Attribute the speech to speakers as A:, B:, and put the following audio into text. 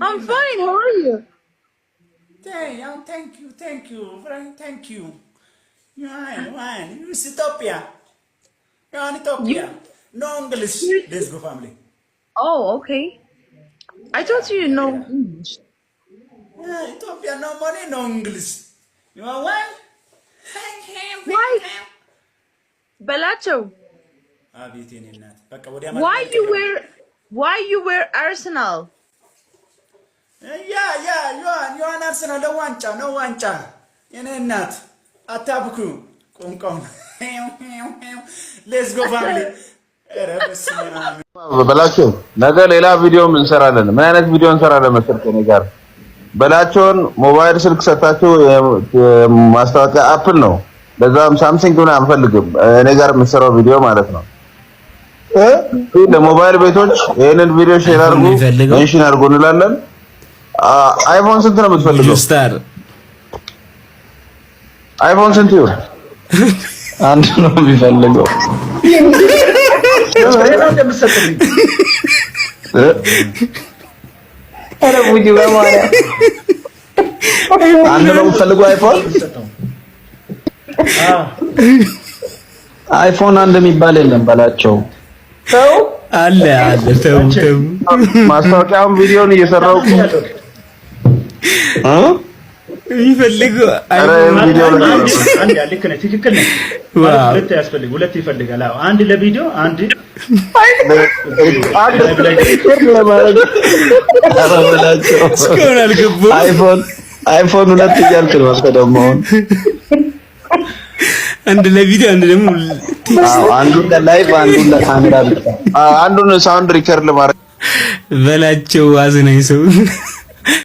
A: I'm fine.
B: How are you?
C: Hey, oh, thank you, thank you, friend. thank you. Why, why? You is Ethiopia. You are Ethiopia. You, no English. This us go, family.
A: Oh, okay. I thought you know yeah. English.
C: Yeah, Ethiopia, no money, no English. You are ah, what? Why?
A: Balacho. Why you wear? Why you wear Arsenal?
C: ያ ያ ዮሐን ዮሐን አርሰናል ለዋንጫ ነው ዋንጫ። የኔ እናት አታብኩ ቋንቋው ሌትስ ጎ ፋሚሊ
D: በላቸው። ነገ ሌላ ቪዲዮም እንሰራለን። ምን አይነት ቪዲዮ እንሰራለን መሰለህ? ከእኔ ጋር በላቸውን ሞባይል ስልክ ሰታችሁ ማስታወቂያ አፕል ነው። ለዛም ሳምሰንግ ምናምን አንፈልግም። እኔ ጋር የምትሰራው ቪዲዮ ማለት ነው። ለሞባይል ቤቶች ይሄንን ቪዲዮ ሼር አድርጉ፣ ሜንሽን አድርጉ እንላለን። አይፎን uh, ስንት ነው የምትፈልገው? ጁስተር አይፎን ስንት ይሁን? አንድ ነው የሚፈልገው። አንድ ነው የምትፈልገው አይፎን አይፎን አንድ የሚባል የለም በላቸው።
E: አለ አለ። ተው ተው፣
D: ማስታወቂያውን ቪዲዮን እየሰራው
B: ይፈልግ ልክ ነህ፣ ትክክል ነህ። ሁለት ያስፈልግ ሁለት ይፈልጋል። አንድ ለቪዲዮ አንድ
D: አይፎን ሁለት እያልክ ነው አንተ ደግሞ አሁን
E: አንድ ለቪዲዮ አንድ ደግሞ
D: አንዱን ለላይቭ አንዱን ለካሜራ አንዱን ሳውንድ ሪከርድ ማድረግ
E: በላቸው አዝናኝ ሰው